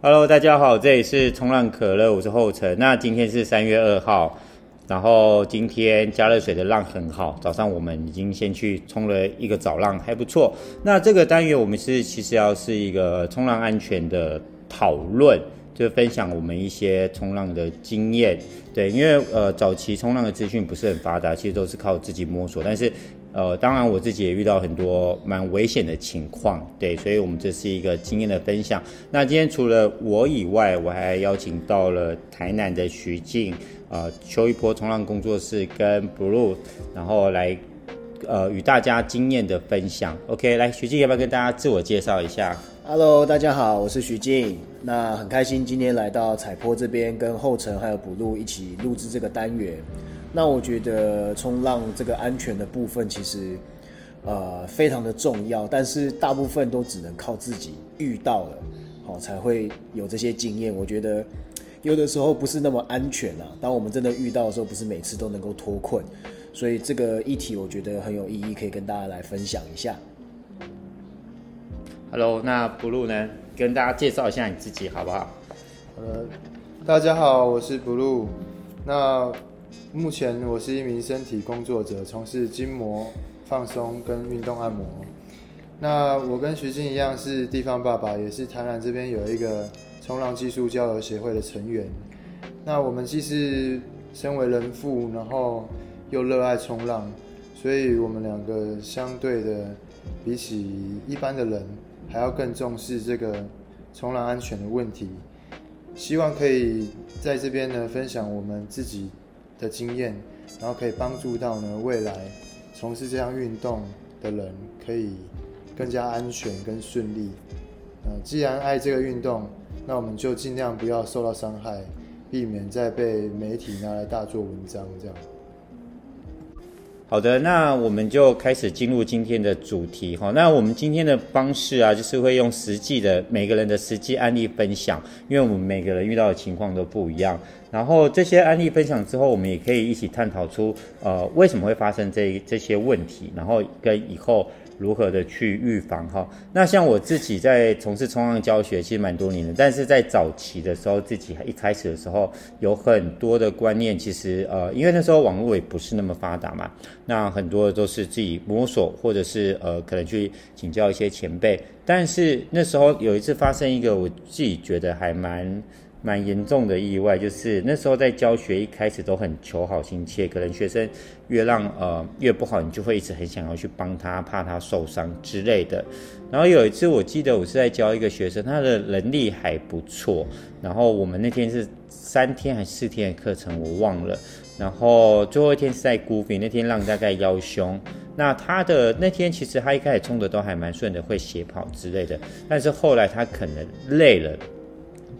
Hello，大家好，這裡是衝浪可樂，我是後成。那今天是三月二號，然後今天加熱水的浪很好。早上我們已經先去衝了一個早浪，還不錯。那這個單元我們是其實要是一個衝浪安全的討論，就分享我們一些衝浪的經驗。對，因為呃早期衝浪的資訊不是很發達，其實都是靠自己摸索，但是。呃，當然我自己也遇到很多蠻危險的情況，對，所以，我們這是一個經驗的分享。那今天除了我以外，我還邀請到了台南的徐靖，呃，秋一波衝浪工作室跟 Blue，然後來，呃，與大家經驗的分享。OK，來，徐靖要不要跟大家自我介紹一下？Hello，大家好，我是徐靖。那很開心今天來到彩波這邊，跟後成還有 Blue 一起錄制這個單元。那我覺得衝浪這個安全的部分其實，呃，非常的重要，但是大部分都只能靠自己遇到了，好、哦、才會有這些經驗。我覺得有的時候不是那麼安全啊，當我們真的遇到的時候，不是每次都能夠脫困，所以這個議題我覺得很有意義，可以跟大家來分享一下。Hello，那 Blue 呢，跟大家介紹一下你自己好不好？呃，大家好，我是 Blue，那。目前我是一名身體工作者，從事筋膜放鬆跟運動按摩。那我跟徐靖一樣是地方爸爸，也是台南這邊有一個衝浪技術交流協會的成員。那我們既是身為人父，然後又熱愛衝浪，所以我們兩個相對的，比起一般的人，還要更重視這個衝浪安全的問題。希望可以在這邊呢分享我們自己的經驗，然後可以幫助到呢未來從事這項運動的人，可以更加安全跟順利。嗯，既然愛這個運動，那我們就盡量不要受到傷害，避免再被媒體拿來大做文章這樣。好的，那我們就開始進入今天的主題哈。那我們今天的方式啊，就是會用實際的每個人的實際案例分享，因為我們每個人遇到的情況都不一樣。然後這些案例分享之後，我們也可以一起探討出呃，為什麼會發生這這些問題，然後跟以後。如何的去預防哈？那像我自己在從事衝浪教學，其實蠻多年的。但是在早期的時候，自己一開始的時候，有很多的觀念，其實呃，因為那時候網絡也不是那麼發達嘛，那很多都是自己摸索，或者是呃，可能去請教一些前輩。但是那時候有一次發生一個，我自己覺得還蠻，蠻嚴重的意外，就是那時候在教學，一開始都很求好心切，可能學生越浪呃越不好，你就會一直很想要去幫他，怕他受傷之類的。然後有一次，我記得我是在教一個學生，他的能力還不錯。然後我們那天是三天還是四天的課程，我忘了。然後最後一天是在孤品，那天浪大概腰胸。那他的那天其實他一開始衝的都還蠻順的，會斜跑之類的。但是後來他可能累了。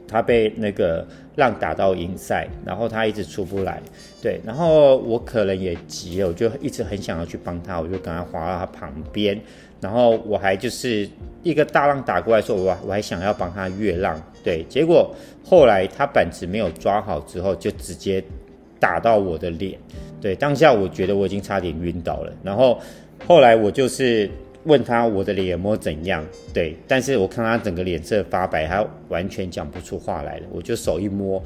他被那個浪打到 inside，然後他一直出不來。對，然後我可能也急了，我就一直很想要去幫他，我就趕快滑到他旁邊，然後我還就是一個大浪打過來說，說我我還想要幫他越浪。對，結果後來他板子沒有抓好之後，就直接打到我的臉。對，當下我覺得我已經差點暈倒了。然後後來我就是。問他我的臉摸怎樣？對，但是我看他整個臉色發白，他完全講不出話來了。我就手一摸，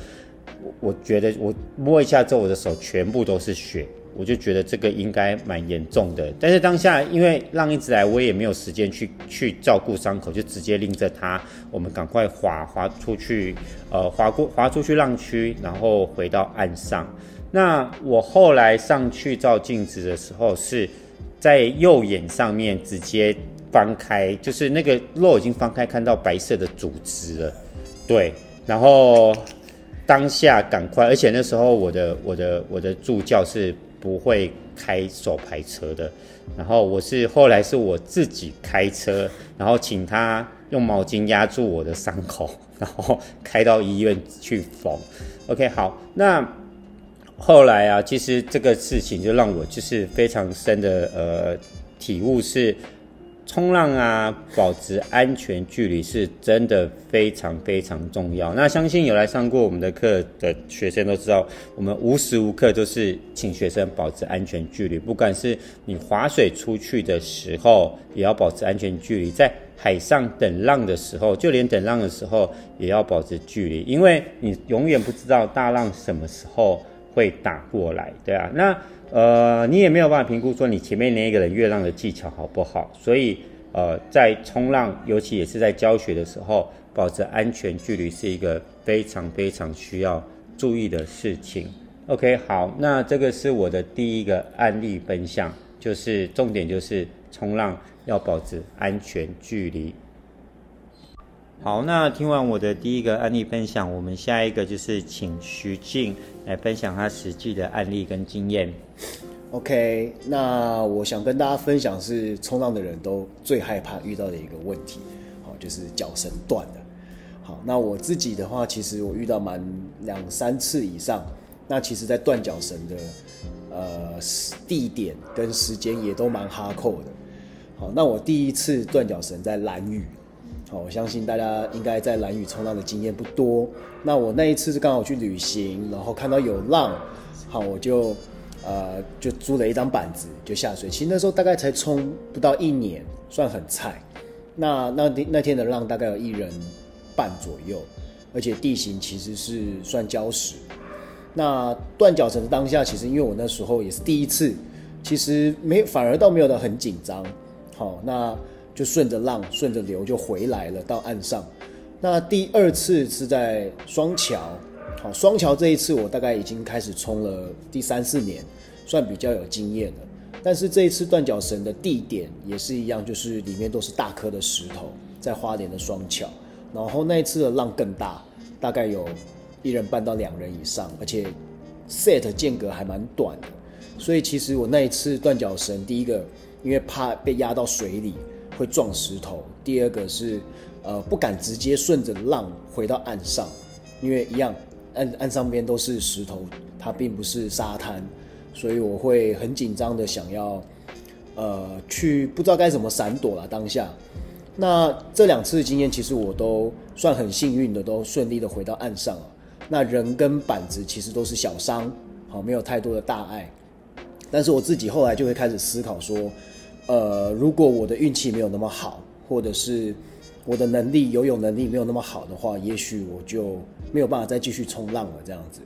我覺得我摸一下之後，我的手全部都是血，我就覺得這個應該蠻嚴重的。但是當下因為浪一直來，我也沒有時間去去照顧傷口，就直接拎着他，我們趕快划划出去，呃，划過划出去浪區，然後回到岸上。那我後來上去照鏡子的時候是。在右眼上面直接翻開，就是那個肉已經翻開，看到白色的組織了。對，然後當下趕快，而且那時候我的我的我的助教是不會開手排車的，然後我是後來是我自己開車，然後請他用毛巾壓住我的傷口，然後開到醫院去縫。OK，好，那。後來啊，其實這個事情就讓我就是非常深的呃體悟是衝浪啊，保持安全距離是真的非常非常重要。那相信有來上過我們的課的學生都知道，我們無時無刻都是請學生保持安全距離，不管是你划水出去的時候，也要保持安全距離；在海上等浪的時候，就連等浪的時候也要保持距離，因為你永遠不知道大浪什麼時候。會打過來，對啊，那呃，你也沒有辦法評估說你前面那一個人越浪的技巧好不好，所以呃，在衝浪，尤其也是在教學的時候，保持安全距離是一個非常非常需要注意的事情。OK，好，那這個是我的第一個案例分享，就是重點就是衝浪要保持安全距離。好，那聽完我的第一個案例分享，我們下一個就是請徐靖來分享他實際的案例跟經驗。OK，那我想跟大家分享是衝浪的人都最害怕遇到的一個問題，好，就是腳繩斷了。好，那我自己的話，其實我遇到蠻兩三次以上，那其實在斷腳繩的呃地點跟時間也都蠻哈扣的。好，那我第一次斷腳繩在蘭嶼。我相信大家應該在蘭嶼衝浪的經驗不多，那我那一次是剛好去旅行，然後看到有浪，好，我就，呃，就租了一張板子就下水。其實那時候大概才衝不到一年，算很菜。那那那天的浪大概有一人半左右，而且地形其實是算礁石。那斷腳繩的當下，其實因為我那時候也是第一次，其實沒反而倒沒有到很緊張。好，那。就順着浪，順着流就回來了，到岸上。那第二次是在雙橋，好，雙橋這一次我大概已經開始衝了第三四年，算比較有經驗了。但是這一次斷腳繩的地點也是一樣，就是裡面都是大顆的石頭，在花蓮的雙橋。然後那一次的浪更大，大概有一人半到兩人以上，而且 set 間隔還蠻短的。所以其實我那一次斷腳繩，第一個因為怕被壓到水裡。會撞石頭，第二個是，呃，不敢直接順着浪回到岸上，因為一樣，岸，岸上邊都是石頭，它並不是沙灘，所以我會很緊張的想要，呃，去不知道該怎麼閃躲了。當下，那這兩次經驗其實我都算很幸運的，都順利的回到岸上了。那人跟板子其實都是小傷，好，沒有太多的大礙。但是我自己後來就會開始思考說，呃，如果我的運氣沒有那麼好，或者是我的能力游泳能力沒有那麼好的話，也許我就沒有辦法再繼續衝浪了。這樣子，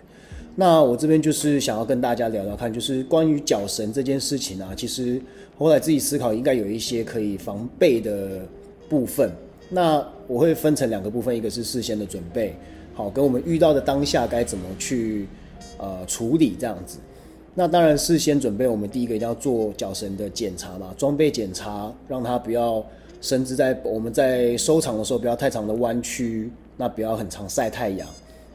那我這邊就是想要跟大家聊聊看，就是關於腳繩這件事情啊，其實後來自己思考應該有一些可以防備的部分。那我會分成兩個部分，一個是事先的準備好，跟我們遇到的當下該怎麼去呃處理這樣子。那當然事先準備，我們第一個一定要做腳繩的檢查嘛，裝備檢查，讓它不要甚至在我們在收藏的時候不要太長的彎曲，那不要很常曬太陽，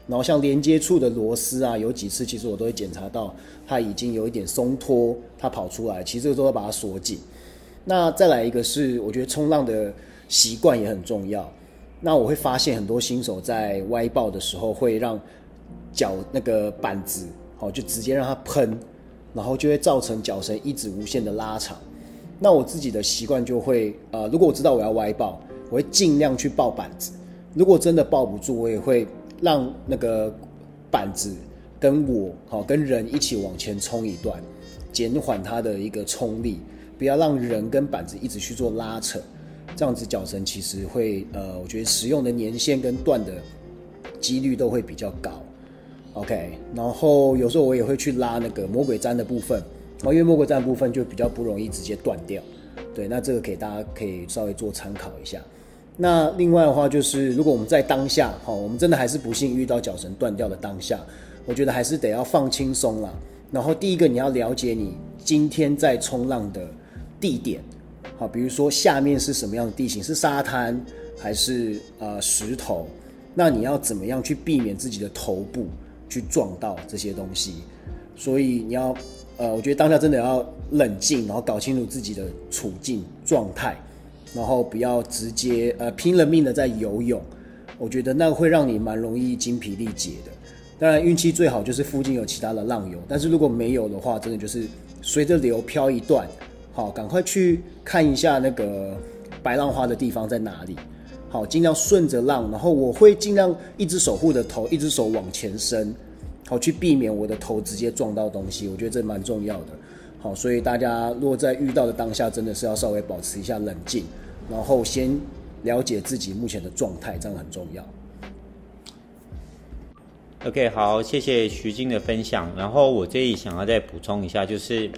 然後像連接處的螺絲啊，有幾次其實我都會檢查到它已經有一點鬆脫，它跑出來，其實這個都要把它鎖緊。那再來一個是我覺得衝浪的習慣也很重要，那我會發現很多新手在歪爆的時候會讓腳那個板子哦就直接讓它噴。然後就會造成腳繩一直無限的拉長，那我自己的習慣就會，呃，如果我知道我要歪爆，我會盡量去抱板子；如果真的抱不住，我也會讓那個板子跟我，好、哦，跟人一起往前衝一段，減緩它的一個衝力，不要讓人跟板子一直去做拉扯，這樣子腳繩其實會，呃，我覺得使用的年限跟斷的幾率都會比較高。OK，然後有時候我也會去拉那個魔鬼氈的部分，哦，因為魔鬼氈部分就比較不容易直接斷掉。對，那這個給大家可以稍微做參考一下。那另外的話就是，如果我們在當下，哦，我們真的還是不幸遇到腳繩斷掉的當下，我覺得還是得要放輕鬆啦。然後第一個，你要了解你今天在衝浪的地點，好，比如說下面是什麼樣的地形，是沙灘還是呃石頭，那你要怎麼樣去避免自己的頭部？去撞到這些東西，所以你要呃，我覺得當下真的要冷靜，然後搞清楚自己的處境狀態，然後不要直接呃拼了命的在游泳，我覺得那會讓你蠻容易精疲力竭的。當然運氣最好就是附近有其他的浪友，但是如果沒有的話，真的就是隨着流漂一段，好，趕快去看一下那個白浪花的地方在哪裡，好，盡量順着浪，然後我會盡量一隻手護着頭，一隻手往前伸。好，去避免我的頭直接撞到東西，我覺得這蠻重要的。好，所以大家若在遇到的當下，真的是要稍微保持一下冷靜，然後先了解自己目前的狀態，這樣很重要。OK，好，謝謝徐靖的分享。然後我這裡想要再補充一下，就是。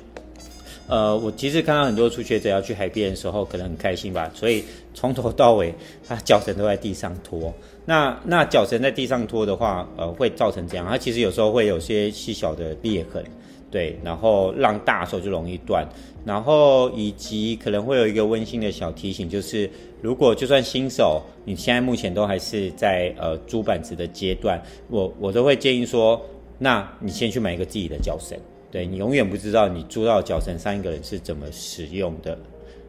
呃，我其實看到很多初學者要去海邊的時候，可能很開心吧，所以從頭到尾，他腳繩都在地上拖。那那腳繩在地上拖的話，呃，會造成這樣，它其實有時候會有些細小的裂痕，對，然後浪大的時候就容易斷，然後以及可能會有一個溫馨的小提醒，就是如果就算新手，你現在目前都還是在呃租板子的階段，我我都會建議說，那你先去買一個自己的腳繩。對，你永遠不知道你租到腳繩三個人是怎麼使用的。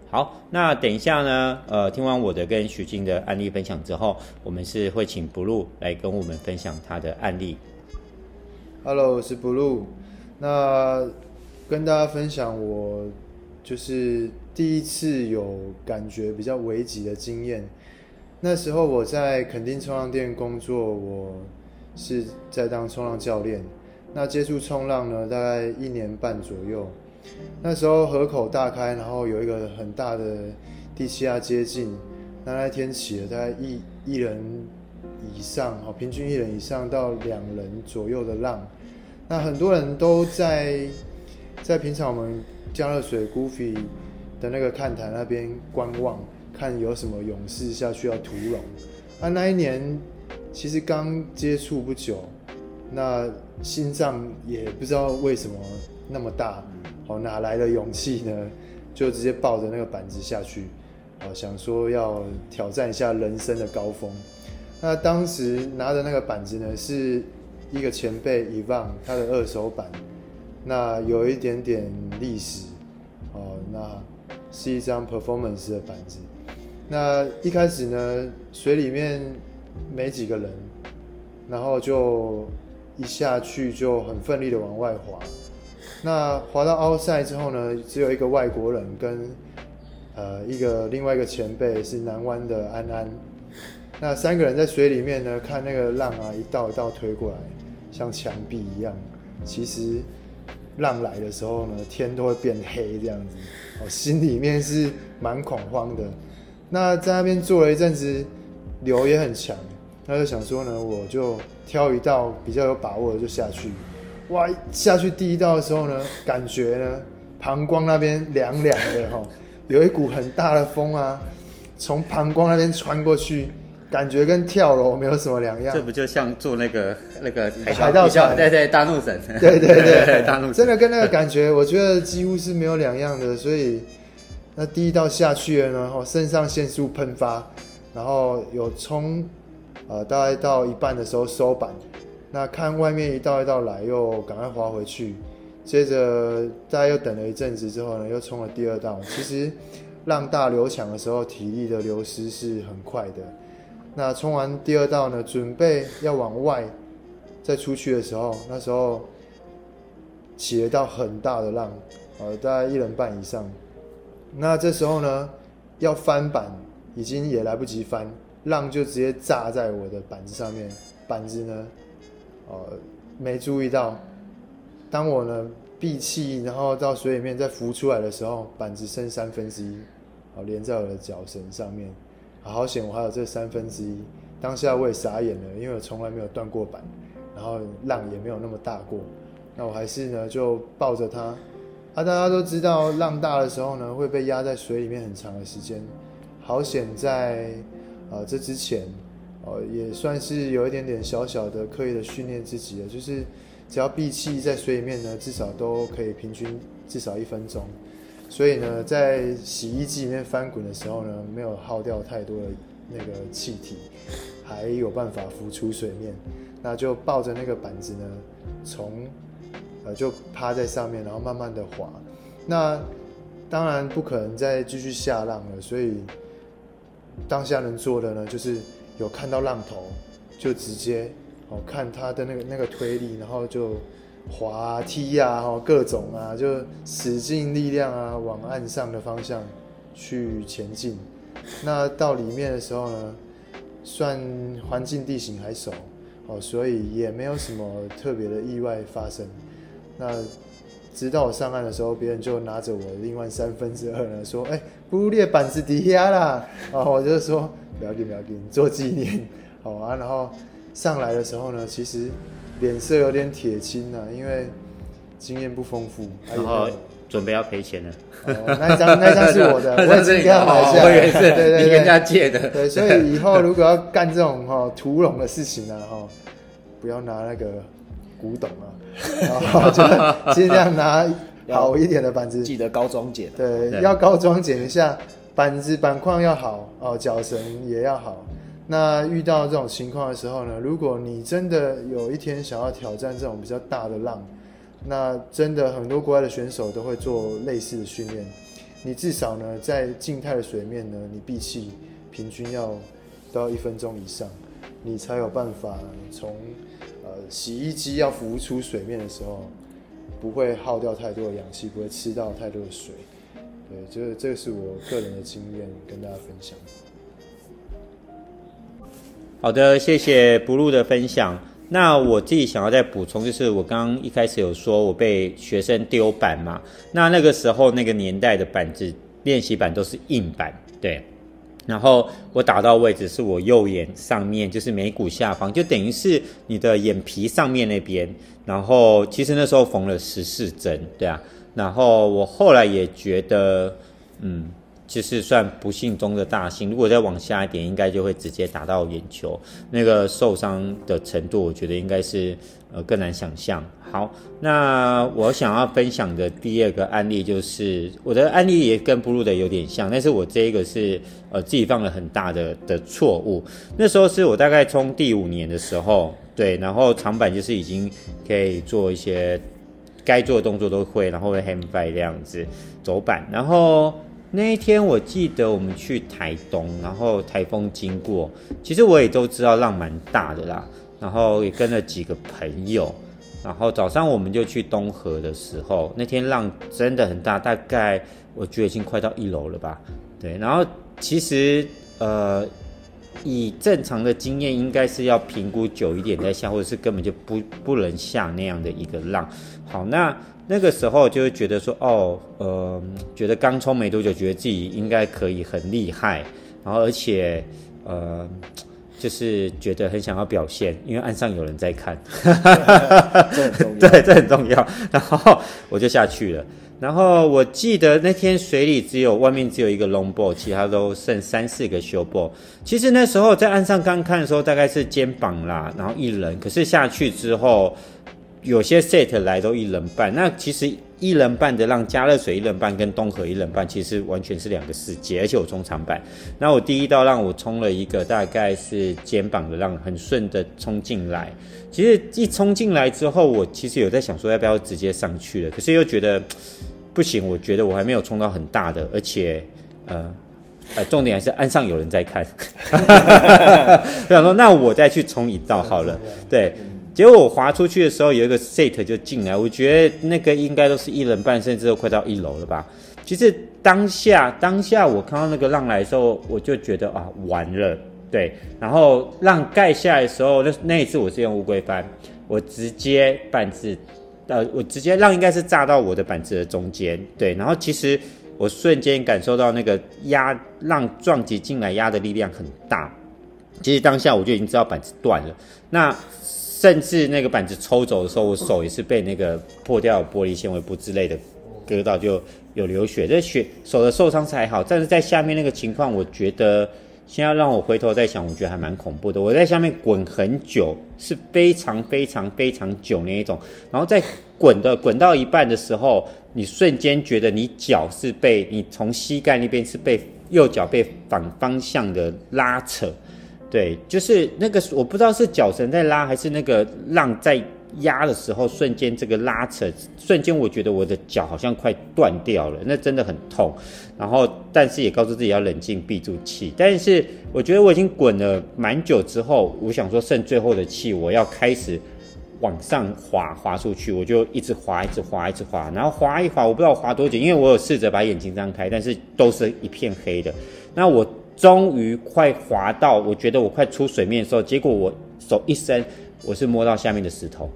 好，那等一下呢？呃，聽完我的跟徐靖的案例分享之後，我們是會請 Blue 來跟我們分享他的案例。Hello，我是 Blue。那跟大家分享，我就是第一次有感覺比較危急的經驗。那時候我在墾丁衝浪店工作，我是在當衝浪教練。那接觸衝浪呢，大概一年半左右。那時候河口大開，然後有一個很大的低氣壓接近，那那天起了，大概一一人以上哦，平均一人以上到兩人左右的浪。那很多人都在在平常我們佳樂水 Goofy 的那個看台那邊觀望，看有什麼勇士下去要屠龍。啊，那一年其實剛接觸不久。那心臟也不知道為什麼那麼大，哦，哪來的勇氣呢？就直接抱着那個板子下去，哦，想說要挑戰一下人生的高峰。那當時拿的那個板子呢，是一個前輩伊萬他的二手板，那有一點點歷史，哦，那是一張 performance 的板子。那一開始呢，水裡面沒幾個人，然後就。一下去就很奮力的往外滑，那滑到 outside 之後呢，只有一個外國人跟呃一個另外一個前輩是南灣的安安，那三個人在水裡面呢，看那個浪啊一道一道推過來，像牆壁一樣。其實浪來的時候呢，天都會變黑這樣子，我心裡面是蠻恐慌的。那在那邊坐了一陣子，流也很強。他就想說呢，我就挑一道比較有把握的就下去，哇，下去第一道的時候呢，感覺呢，膀胱那邊涼涼的哈， 有一股很大的風啊，從膀胱那邊穿過去，感覺跟跳樓沒有什麼兩樣。這不就像坐那個那個海盜船？對對，大怒神。對對對，大怒神。怒神真的跟那個感覺，我覺得幾乎是沒有兩樣的。所以，那第一道下去了呢，然後腎上腺素噴發，然後有衝啊、呃，大概到一半的時候收板，那看外面一道一道來，又趕快劃回去，接着大家又等了一陣子之後呢，又衝了第二道。其實，浪大流強的時候，體力的流失是很快的。那衝完第二道呢，準備要往外再出去的時候，那時候起了一道很大的浪，呃，大概一人半以上。那這時候呢，要翻板已經也來不及翻。浪就直接炸在我的板子上面，板子呢，呃，沒注意到。當我呢閉氣，然後到水裡面再浮出來的時候，板子剩三分之一，呃，連在我的腳繩上面。啊，好險，我還有這三分之一。當下我也傻眼了，因為我從來沒有斷過板，然後浪也沒有那麼大過。那我還是呢就抱着它。啊，大家都知道，浪大的時候呢會被壓在水裡面很長的時間。好險在。啊、呃，這之前，呃，也算是有一點點小小的刻意的訓練自己了，就是只要閉氣在水裡面呢，至少都可以平均至少一分鐘，所以呢，在洗衣機裡面翻滾的時候呢，沒有耗掉太多的那個氣體，還有辦法浮出水面，那就抱着那個板子呢，從呃就趴在上面，然後慢慢的滑，那當然不可能再繼續下浪了，所以。當下能做的呢，就是有看到浪頭，就直接哦看他的那個那個推力，然後就劃啊踢啊哦各種啊，就使盡力量啊往岸上的方向去前進。那到裡面的時候呢，算環境地形還熟哦，所以也沒有什麼特別的意外發生。那直到我上岸的時候，別人就拿着我另外三分之二呢說，哎、欸。忽略板子底下啦，啊、哦，我就說不要緊，不要緊，做紀念，好、哦、啊。然後上來的時候呢，其實臉色有點鐵青了，啊，因為經驗不豐富。然後、哎、呦準備要賠錢了。哦、那張那張是我的，我也這樣買下、哦、我是開玩笑，對對對，跟人家借的。對，所以以後如果要幹這種哈、哦、屠龍的事情呢，啊，哈、哦，不要拿那個古董啊， 然後就盡量拿。要好一點的板子，記得高裝剪。對，對要高裝剪一下，板子板框，要好哦，腳繩也要好。那遇到這種情況的時候呢，如果你真的有一天想要挑戰這種比較大的浪，那真的很多國外的選手都會做類似的訓練。你至少呢，在靜態的水面呢，你閉氣平均要到一分鐘以上，你才有辦法從呃洗衣機要浮出水面的時候。不會耗掉太多的氧氣，不會吃到太多的水，對，就是這個是我個人的經驗跟大家分享。好的，謝謝 Blue 的分享。那我自己想要再補充，就是我剛剛一開始有說我被學生丟板嘛，那那個時候那個年代的板子，練習板都是硬板，對。然後我打到位置是我右眼上面，就是眉骨下方，就等於是你的眼皮上面那邊。然後其實那時候縫了十四針，對啊。然後我後來也覺得，嗯，就是算不幸中的大幸。如果再往下一點，應該就會直接打到眼球，那個受傷的程度，我覺得應該是呃，更難想象。好，那我想要分享的第二個案例，就是我的案例也跟 Blue 的有點像，但是我這一個是呃自己犯了很大的的錯誤。那時候是我大概衝第五年的時候，對，然後長板就是已經可以做一些該做的動作都會，然後會 hang five 這樣子走板。然後那一天我記得我們去台東，然後台風經過，其實我也都知道浪蠻大的啦，然後也跟了幾個朋友。然後早上我們就去東河的時候，那天浪真的很大，大概我覺得已經快到一樓了吧。對，然後其實呃，以正常的經驗，應該是要評估久一點再下，或者是根本就不不能下那樣的一個浪。好，那那個時候就會覺得說，哦，呃，覺得剛衝沒多久，覺得自己應該可以很厲害，然後而且呃。就是覺得很想要表現，因為岸上有人在看， 對, 對，這很重要。然後我就下去了。然後我記得那天水裡只有外面只有一個 long board，其他都剩三四個 short board。其實那時候在岸上剛看的時候，大概是肩膀啦，然後一人。可是下去之後，有些 set 來都一人半。那其實。一人半的浪加熱水一人半跟東河一人半其實完全是兩個世界，而且我衝長板。那，我第一道浪我衝了一個大概是肩膀的浪，很順的衝進來。其實一衝進來之後，我其實有在想說要不要直接上去了，可是又覺得不行。我覺得我還沒有衝到很大的，而且呃,呃，重點還是岸上有人在看。我 想說，那我再去衝一道好了。對。結果我滑出去的時候，有一個 set 就進來。我覺得那個應該都是一人半甚至都快到一樓了吧。其實當下，當下我看到那個浪來的時候，我就覺得啊，完了，對。然後浪蓋下來的時候，那那一次我是用烏龜翻，我直接板子，呃，我直接浪應該是炸到我的板子的中間，對。然後其實我瞬間感受到那個壓浪撞擊進來壓的力量很大，其實當下我就已經知道板子斷了。那。甚至那個板子抽走的時候，我手也是被那個破掉的玻璃纖維布之類的割到，就有流血。這血手的受傷是還好，但是在下面那個情況，我覺得現在要讓我回頭再想，我覺得還蠻恐怖的。我在下面滾很久，是非常非常非常久那一種。然後在滾的滾到一半的時候，你瞬間覺得你腳是被你從膝蓋那邊是被右腳被反方向的拉扯。對，就是那個，我不知道是腳繩在拉，還是那個浪在壓的時候，瞬間這個拉扯，瞬間我覺得我的腳好像快斷掉了，那真的很痛。然後，但是也告訴自己要冷靜，閉住氣。但是我覺得我已經滾了蠻久之後，我想說剩最後的氣，我要開始往上滑，滑出去，我就一直滑，一直滑，一直滑。然後滑一滑，我不知道滑多久，因為我有試着把眼睛張開，但是都是一片黑的。那我。終於快滑到，我覺得我快出水面的時候，結果我手一伸，我是摸到下面的石頭，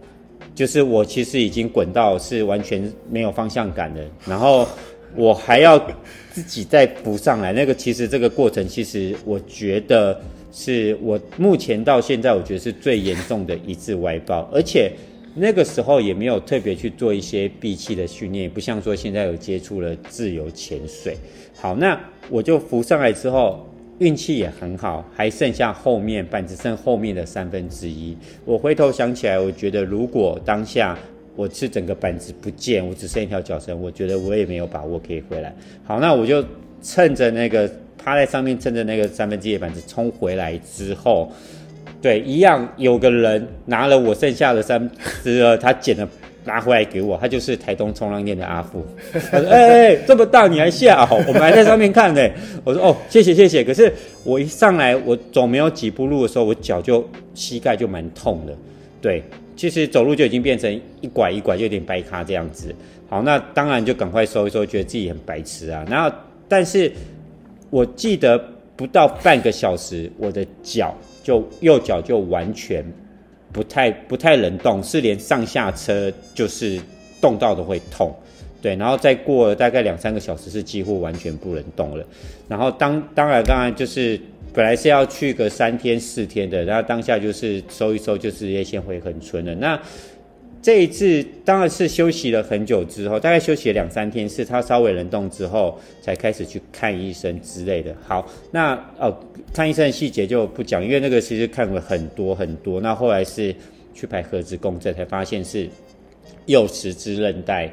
就是我其實已經滾到是完全沒有方向感的，然後我還要自己再浮上來。那個其實這個過程，其實我覺得是我目前到現在我覺得是最嚴重的一次歪爆，而且那個時候也沒有特別去做一些閉氣的訓練，不像說現在有接觸了自由潛水。好，那我就浮上來之後。運氣也很好，還剩下後面板子，剩後面的三分之一。我回頭想起來，我覺得如果當下我是整個板子不見，我只剩一條腳繩，我覺得我也沒有把握可以回來。好，那我就趁着那個趴在上面，趁着那個三分之一的板子衝回來之後，對，一樣有個人拿了我剩下的三分之二，他撿了。拿回來給我，他就是台東衝浪店的阿富。他說：“哎、欸、哎、欸，這麼大你還下啊？我們還在上面看呢、欸。”我說：“哦，謝謝謝謝。”可是我一上來，我走沒有幾步路的時候，我腳就膝蓋就蠻痛的。對，其實走路就已經變成一拐一拐，就有點掰咖這樣子。好，那當然就趕快收一收，覺得自己很白痴啊。然後，但是我記得不到半個小時，我的腳就右腳就完全。不太不太能動，是連上下車就是動到都會痛，對，然後再過了大概兩三個小時是幾乎完全不能動了。然後當當然當然就是本來是要去個三天四天的，然後當下就是收一收，就是也先回恆春了。那。這一次當然是休息了很久之後，大概休息了兩三天，是他稍微能動之後才開始去看醫生之類的。好，那哦，看醫生的細節就不講，因為那個其實看了很多很多。那後來是去拍核磁共振，才發現是右十字韌帶，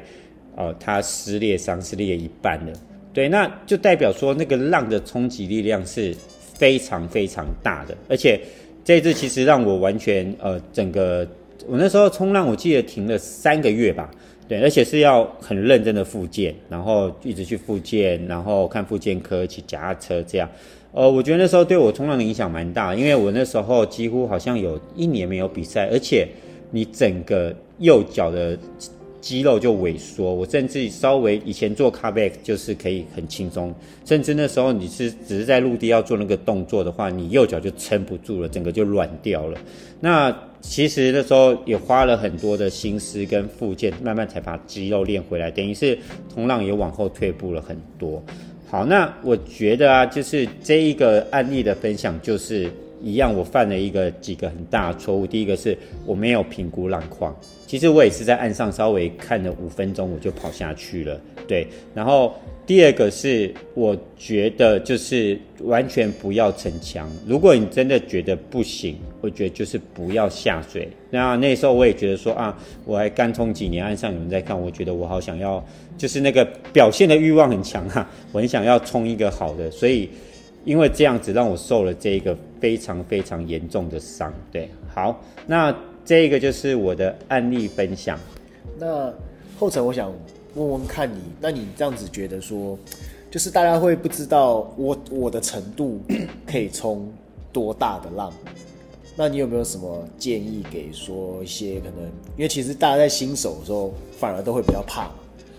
呃，它撕裂傷，撕裂一半了。對，那就代表說那個浪的衝擊力量是非常非常大的，而且這一次其實讓我完全呃整個。我那時候衝浪，我記得停了三個月吧，對，而且是要很認真的復健，然後一直去復健，然後看復健科，騎腳踏車這樣。呃，我覺得那時候對我衝浪的影響蠻大，因為我那時候幾乎好像有一年沒有比賽，而且你整個右腳的。肌肉就萎縮，我甚至稍微以前做 cutback 就是可以很輕鬆，甚至那時候你是只是在陸地要做那個動作的話，你右腳就撐不住了，整個就軟掉了。那其實那時候也花了很多的心思跟復健，慢慢才把肌肉練回來，等於是衝浪也往後退步了很多。好，那我覺得啊，就是這一個案例的分享就是一樣，我犯了一個幾個很大的錯誤，第一個是我沒有評估浪況。其實我也是在岸上稍微看了五分鐘，我就跑下去了。對，然後第二個是，我覺得就是完全不要逞強。如果你真的覺得不行，我覺得就是不要下水。那那時候我也覺得說啊，我還剛衝幾年，岸上有人在看，我覺得我好想要，就是那個表現的欲望很強啊，我很想要衝一個好的。所以因為這樣子，讓我受了這一個非常非常嚴重的傷。對，好，那。這個就是我的案例分享。那後成，我想問問看你，那你這樣子覺得說，就是大家會不知道我我的程度可以衝多大的浪？那你有沒有什麼建議給說一些可能？因為其實大家在新手的時候反而都會比較怕，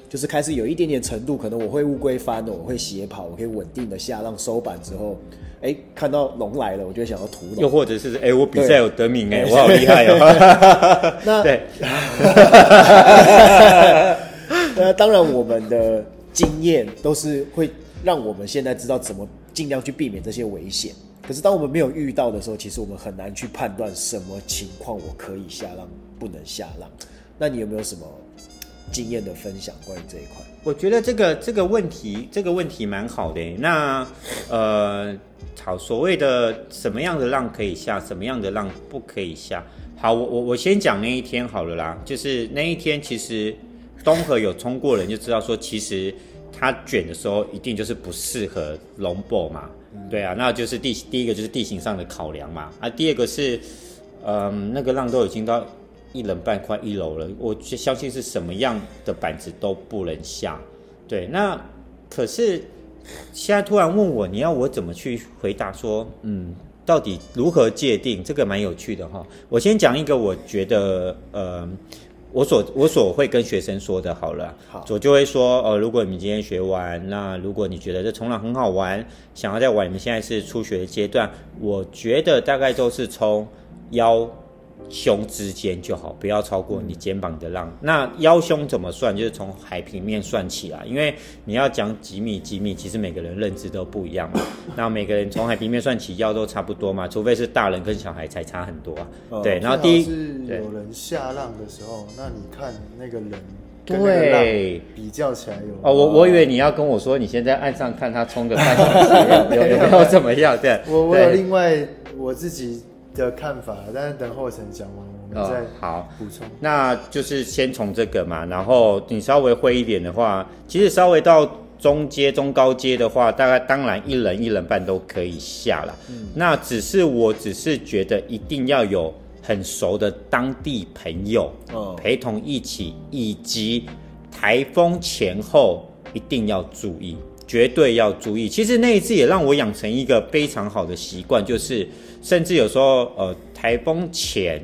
就是開始有一點點程度，可能我會烏龜翻的，我會斜跑，我可以穩定的下浪收板之後，哎、欸，看到龍來了，我就想要屠龍。又或者是，哎、欸，我比賽有得名，欸，哎對，我好厲害哦，喔。 那對， 那當然，我們的經驗都是會讓我們現在知道怎麼盡量去避免這些危險。可是，當我們沒有遇到的時候，其實我們很難去判斷什麼情況我可以下浪，不能下浪。那你有沒有什麼經驗的分享關於這一塊？我覺得這個這個問題這個問題蠻好的。那呃，好，所謂的什麼樣的浪可以下，什麼樣的浪不可以下。好，我我我先講那一天好了啦。就是那一天，其實東河有衝過人，就知道說其實他卷的時候一定就是不適合 longboard 嘛。嗯、對啊，那就是地第一個就是地形上的考量嘛。啊，第二個是，嗯、呃，那個浪都已經到。一人半塊，一樓了，我就相信是什麼樣的板子，都不能下。對，那可是現在突然問我，你要我怎麼去回答？說，嗯，到底如何界定？這個蠻有趣的哈。我先講一個，我覺得，呃，我所我所會跟學生說的，好了，好我就會說，呃，如果你今天學完，那如果你覺得這衝浪很好玩，想要再玩，你們現在是初學階段，我覺得大概都是從腰。胸之間就好，不要超過你肩膀的浪。那腰胸怎麼算？就是從海平面算起啊，因為你要講幾米幾米，其實每個人認知都不一樣嘛。那每個人從海平面算起腰都差不多嘛，除非是大人跟小孩才差很多啊。對，然後第一，是有人下浪的時候，那你看那個人跟浪比較起來有哦，我我以為你要跟我說，你現在岸上看他衝的浪有沒有怎麼樣，對。我我有另外，我自己。的看法，但是等後成講完，我們再、哦、好補充。那就是先從這個嘛，然後你稍微會一點的話，其實稍微到中階、中高階的話，大概當然一人、一人半都可以下啦。嗯、那只是我只是覺得一定要有很熟的當地朋友陪同一起，嗯、以及台風前後一定要注意，絕對要注意。其實那一次也讓我養成一個非常好的習慣，嗯、就是。甚至有時候，呃，台風前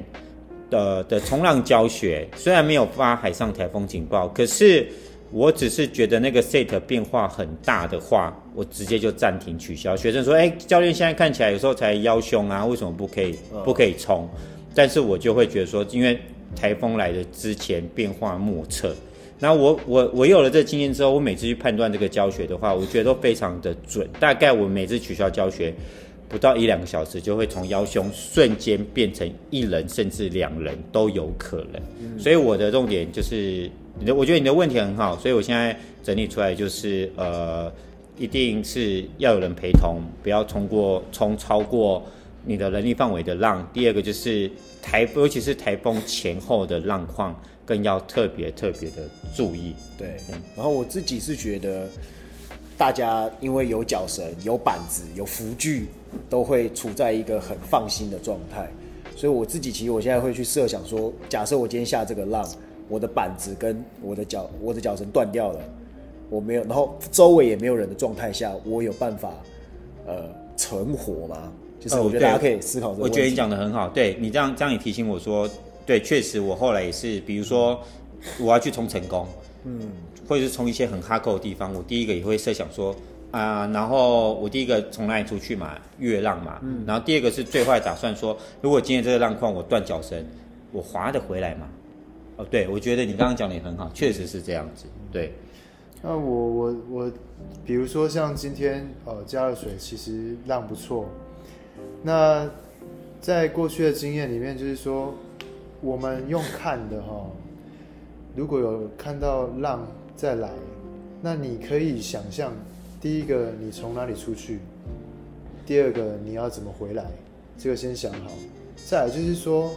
的的衝浪教學，雖然沒有發海上台風警報，可是我只是覺得那個 set 變化很大的話，我直接就暫停取消。學生說，哎，教練現在看起來有時候才腰胸啊，為什麼不可以不可以衝？嗯、但是我就會覺得說，因為台風來的之前變化莫測。那我我我有了這個經驗之後，我每次去判斷這個教學的話，我覺得都非常的準。大概我每次取消教學，不到一兩個小時就會從腰胸瞬間變成一人，甚至兩人都有可能。所以我的重點就是你的，我覺得你的問題很好，所以我現在整理出來就是呃，一定是要有人陪同，不要衝過衝超過你的能力範圍的浪。第二個就是台，尤其是台風前後的浪況，更要特別特別的注意。對，嗯、然後我自己是覺得大家因為有腳繩、有板子、有浮具。都會處在一個很放心的狀態，所以我自己其實我現在會去設想說，假設我今天下這個浪，我的板子跟我的腳我的腳繩斷掉了，我沒有，然後周圍也沒有人的狀態下，我有辦法呃存活嗎？就是我覺得大家可以思考這個問題。哦，我覺得你講得很好，對你這樣這樣也提醒我說，對，確實我後來也是，比如說我要去衝成功，嗯，或者是衝一些很哈扣的地方，我第一個也會設想說。啊、呃，然後我第一個從那裡出去嘛，越浪嘛。嗯。然後第二個是最壞打算說，說如果今天這個浪況我斷腳繩，我划得回來嘛。哦，對，我覺得你剛剛講的也很好，嗯、確實是這樣子。對。那我我我，比如說像今天哦、呃，佳樂水其實浪不錯。那在過去的經驗裡面，就是說我們用看的哈、哦， 如果有看到浪再來，那你可以想象。第一個，你從哪裡出去？第二個，你要怎麼回來？這個先想好。再來就是說，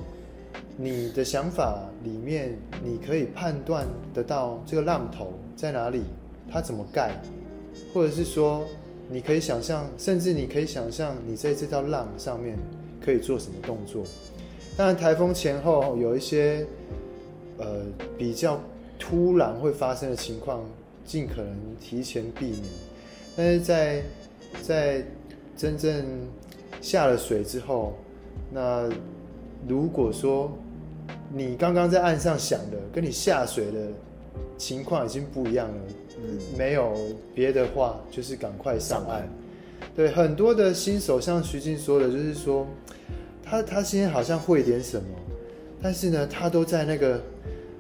你的想法裡面，你可以判斷得到這個浪頭在哪裡，它怎麼蓋，或者是說，你可以想象，甚至你可以想象，你在這道浪上面可以做什麼動作。當然，台風前後有一些呃比較突然會發生的情況，盡可能提前避免。但是在在真正下了水之後，那如果說你剛剛在岸上想的，跟你下水的情況已經不一樣了。嗯，沒有別的話，就是趕快上岸。上岸。對，很多的新手，像徐靖說的，就是說他他今天好像會點什麼，但是呢，他都在那個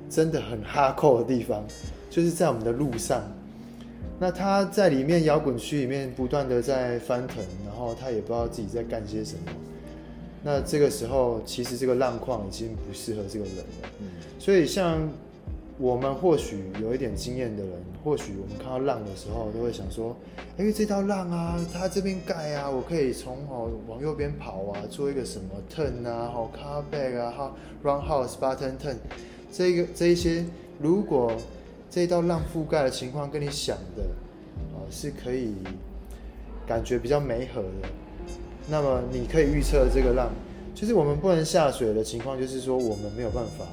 真的很哈扣的地方，就是在我們的路上。那他在裡面搖滾區裡面不斷的在翻騰，然後他也不知道自己在幹些什麼。那這個時候，其實這個浪況已經不適合這個人了。嗯、所以，像我們或許有一點經驗的人，或許我們看到浪的時候，都會想說、欸：，因為這道浪啊，它這邊蓋啊，我可以從哦往右邊跑啊，做一個什麼 turn 啊，好 cutback 啊，好 roundhouse bottom turn，這個這一些，如果。這一道浪覆蓋的情況跟你想的、呃，是可以感覺比較美和的。那麼你可以預測這個浪，就是我們不能下水的情況，就是說我們沒有辦法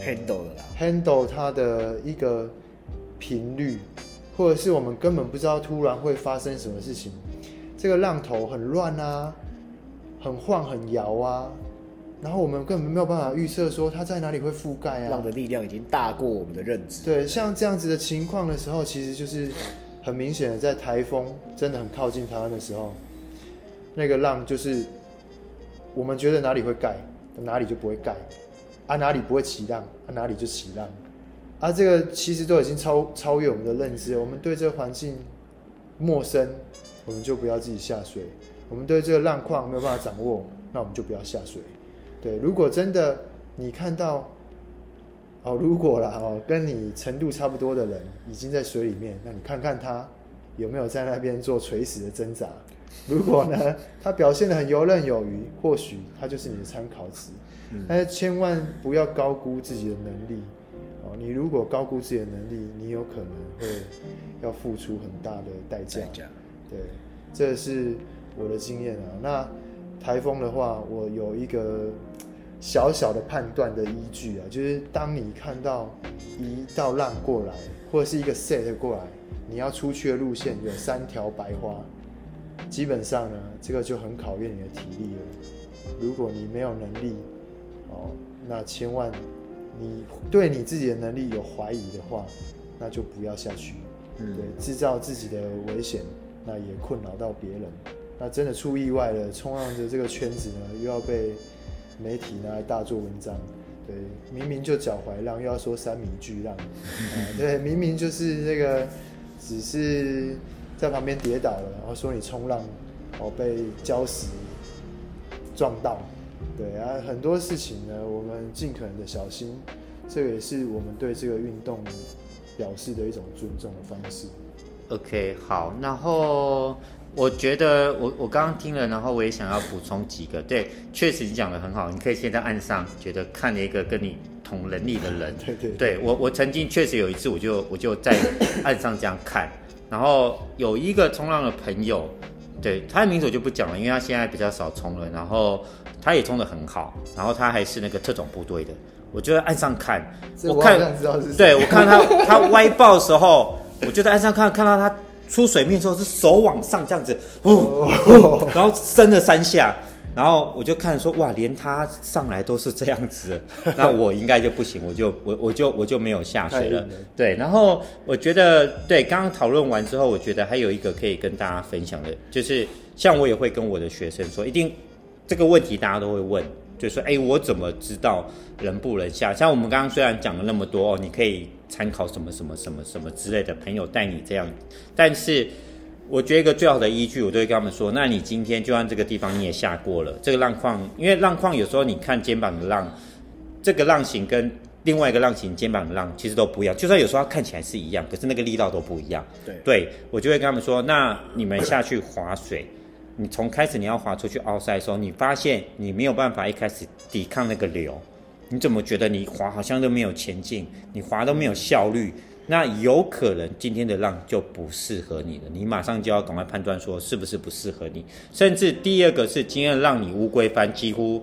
handle 的啦。呃，handle handle 它的一個頻率，或者是我們根本不知道突然會發生什麼事情。這個浪頭很亂啊，很晃很搖啊。然後我們根本沒有辦法預測說它在哪裡會覆蓋啊！浪的力量已經大過我們的認知。對，像這樣子的情況的時候，其實就是很明顯的，在台風真的很靠近台灣的時候，那個浪就是我們覺得哪裡會蓋，哪裡就不會蓋；啊哪裡不會起浪，啊哪裡就起浪。啊，這個其實都已經超超越我們的認知。我們對這個環境陌生，我們就不要自己下水；我們對這個浪況沒有辦法掌握，那我們就不要下水。對，如果真的你看到，哦，如果啦哦，跟你程度差不多的人已經在水裡面，那你看看他有沒有在那邊做垂死的掙扎。如果呢，他表現得很游刃有餘，或許他就是你的參考值，嗯。但是千萬不要高估自己的能力。哦，你如果高估自己的能力，你有可能會要付出很大的代價。代價。對，這是我的經驗啊。那。颱風的話，我有一個小小的判斷的依據啊，就是當你看到一道浪過來，或者是一個 set 過來，你要出去的路線有三條白花，基本上呢，這個就很考驗你的體力了。如果你沒有能力哦，那千萬你對你自己的能力有懷疑的話，那就不要下去，嗯、對，製造自己的危險，那也困擾到別人。那真的出意外了，衝浪者這個圈子呢又要被媒體拿來大做文章。對，明明就腳踝浪，又要說三米巨浪。 呃、對，明明就是那個，只是在旁邊跌倒了，然後說你衝浪，哦被礁石撞到。對啊，很多事情呢，我們盡可能的小心，這個、也是我們對這個運動表示的一種尊重的方式。OK，好，然後。我覺得我我剛剛聽了，然後我也想要補充幾個。對，確實你講的很好。你可以先在岸上覺得看了一個跟你同能力的人。對，對，對，對我我曾經確實有一次我，我就我就在岸上這樣看， 然後有一個衝浪的朋友，對他的名字我就不講了，因為他現在比較少衝了。然後他也衝的很好，然後他還是那個特種部隊的。我就在岸上看，我看，我知道是誰。對，我看他他歪爆的時候，我就在岸上看看到他。出水面之後是手往上這樣子，呼呼，然後伸了三下，然後我就看說，哇，連他上來都是這樣子，那我應該就不行，我就我我就我就沒有下水了。了對，然後我覺得對，剛剛討論完之後，我覺得還有一個可以跟大家分享的，就是像我也會跟我的學生說，一定這個問題大家都會問。就說哎、欸，我怎麼知道能不能下？像我們剛剛雖然講了那麼多，哦，你可以參考什麼什麼什麼什麼什麼之類的，朋友帶你這樣，但是我覺得一個最好的依據，我都會跟他們說：那你今天就按這個地方你也下過了，這個浪況，因為浪況有時候你看肩膀的浪，這個浪形跟另外一個浪形肩膀的浪其實都不一樣，就算有時候看起來是一樣，可是那個力道都不一樣。對，對，我就會跟他們說：那你們下去划水。你從開始你要滑出去 outside 的時候，你發現你沒有辦法一開始抵抗那個流，你怎麼覺得你滑好像都沒有前進，你滑都沒有效率？那有可能今天的浪就不適合你了，你馬上就要趕快判斷說是不是不適合你。甚至第二個是，今天讓你烏龜翻幾乎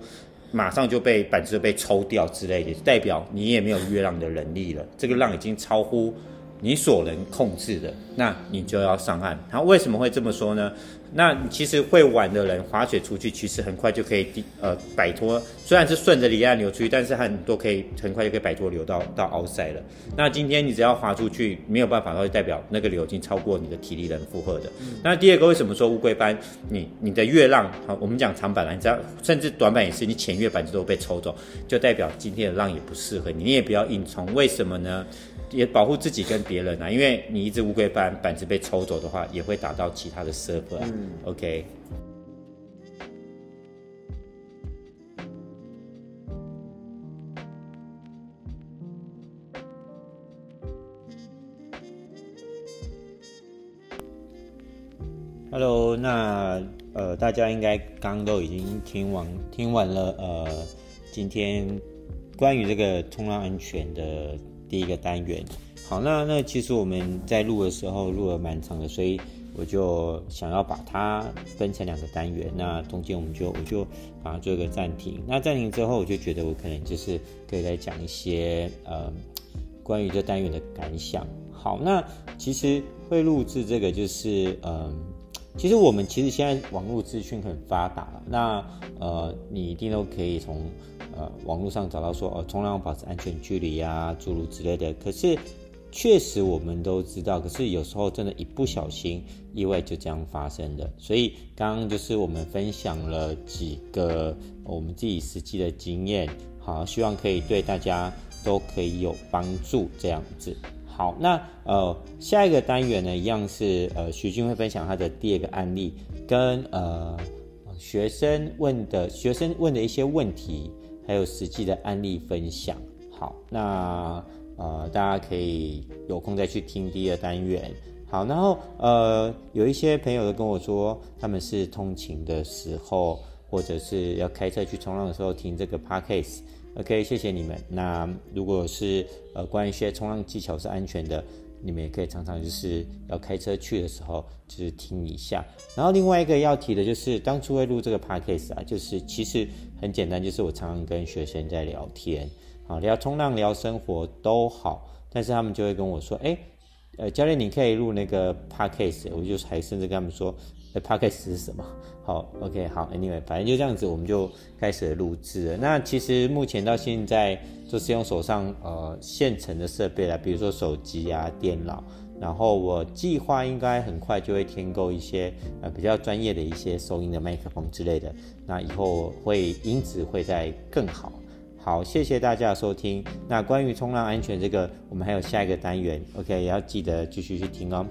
馬上就被板子就被抽掉之類的，代表你也沒有越浪的能力了，這個浪已經超乎。你所能控制的，那你就要上岸。好，為什麼會這麼說呢？那其實會玩的人，划水出去其實很快就可以呃擺脫，雖然是順着離岸流出去，但是很多可以很快就可以擺脫流到到 outside 了。那今天你只要划出去沒有辦法，它就代表那個流已經超過你的體力能負荷的。嗯、那第二個，為什麼說烏龜班？你你的越浪好，我們講長板啦，你知道，甚至短板也是，你潛越板就都被抽走，就代表今天的浪也不適合你，你也不要硬衝。為什麼呢？也保護自己跟別人啊，因為你一隻烏龜板板子被抽走的話，也會打到其他的 surfer。嗯，OK。Hello，那呃，大家應該剛都已經聽完聽完了呃，今天關於這個衝浪安全的。第一個單元，好，那那其實我們在錄的時候錄了蠻長的，所以我就想要把它分成兩個單元。那中間我們就我就把它做一個暫停。那暫停之後，我就覺得我可能就是可以來講一些呃關於這單元的感想。好，那其實會錄製這個就是嗯、呃，其實我們其實現在網絡資訊很發達，那呃你一定都可以從。呃，網絡上找到說哦，衝浪，保持安全距離呀、啊，諸如之類的。可是，確實我們都知道。可是有時候真的，一不小心，意外就這樣發生的。所以，剛剛就是我們分享了幾個我們自己實際的經驗，好，希望可以對大家都可以有幫助。這樣子，好，那呃，下一個單元呢，一樣是呃，徐靖會分享他的第二個案例，跟呃學生問的學生問的一些問題。還有實際的案例分享。好，那呃，大家可以有空再去聽第二單元。好，然後呃，有一些朋友都跟我說，他們是通勤的時候，或者是要開車去衝浪的時候聽這個 podcast。OK，謝謝你們。那如果是呃，關於一些衝浪技巧是安全的。你們也可以常常就是要開車去的時候，就是聽一下。然後另外一個要提的就是，當初會錄這個 podcast 啊，就是其實很簡單，就是我常常跟學生在聊天，好聊衝浪、聊生活都好，但是他們就會跟我說，哎，呃，教練你可以錄那個 podcast，我就還甚至跟他們說。那 podcast 是什麼？好，oh，OK，好，Anyway，反正就這樣子，我們就開始錄製了。那其實目前到現在就是用手上呃現成的設備啦，比如說手機啊、電腦，然後我計劃應該很快就會添購一些呃比較專業的一些收音的麥克風之類的。那以後會音質會再更好。好，謝謝大家的收聽。那關於衝浪安全這個，我們還有下一個單元，OK，也要記得繼續去聽哦。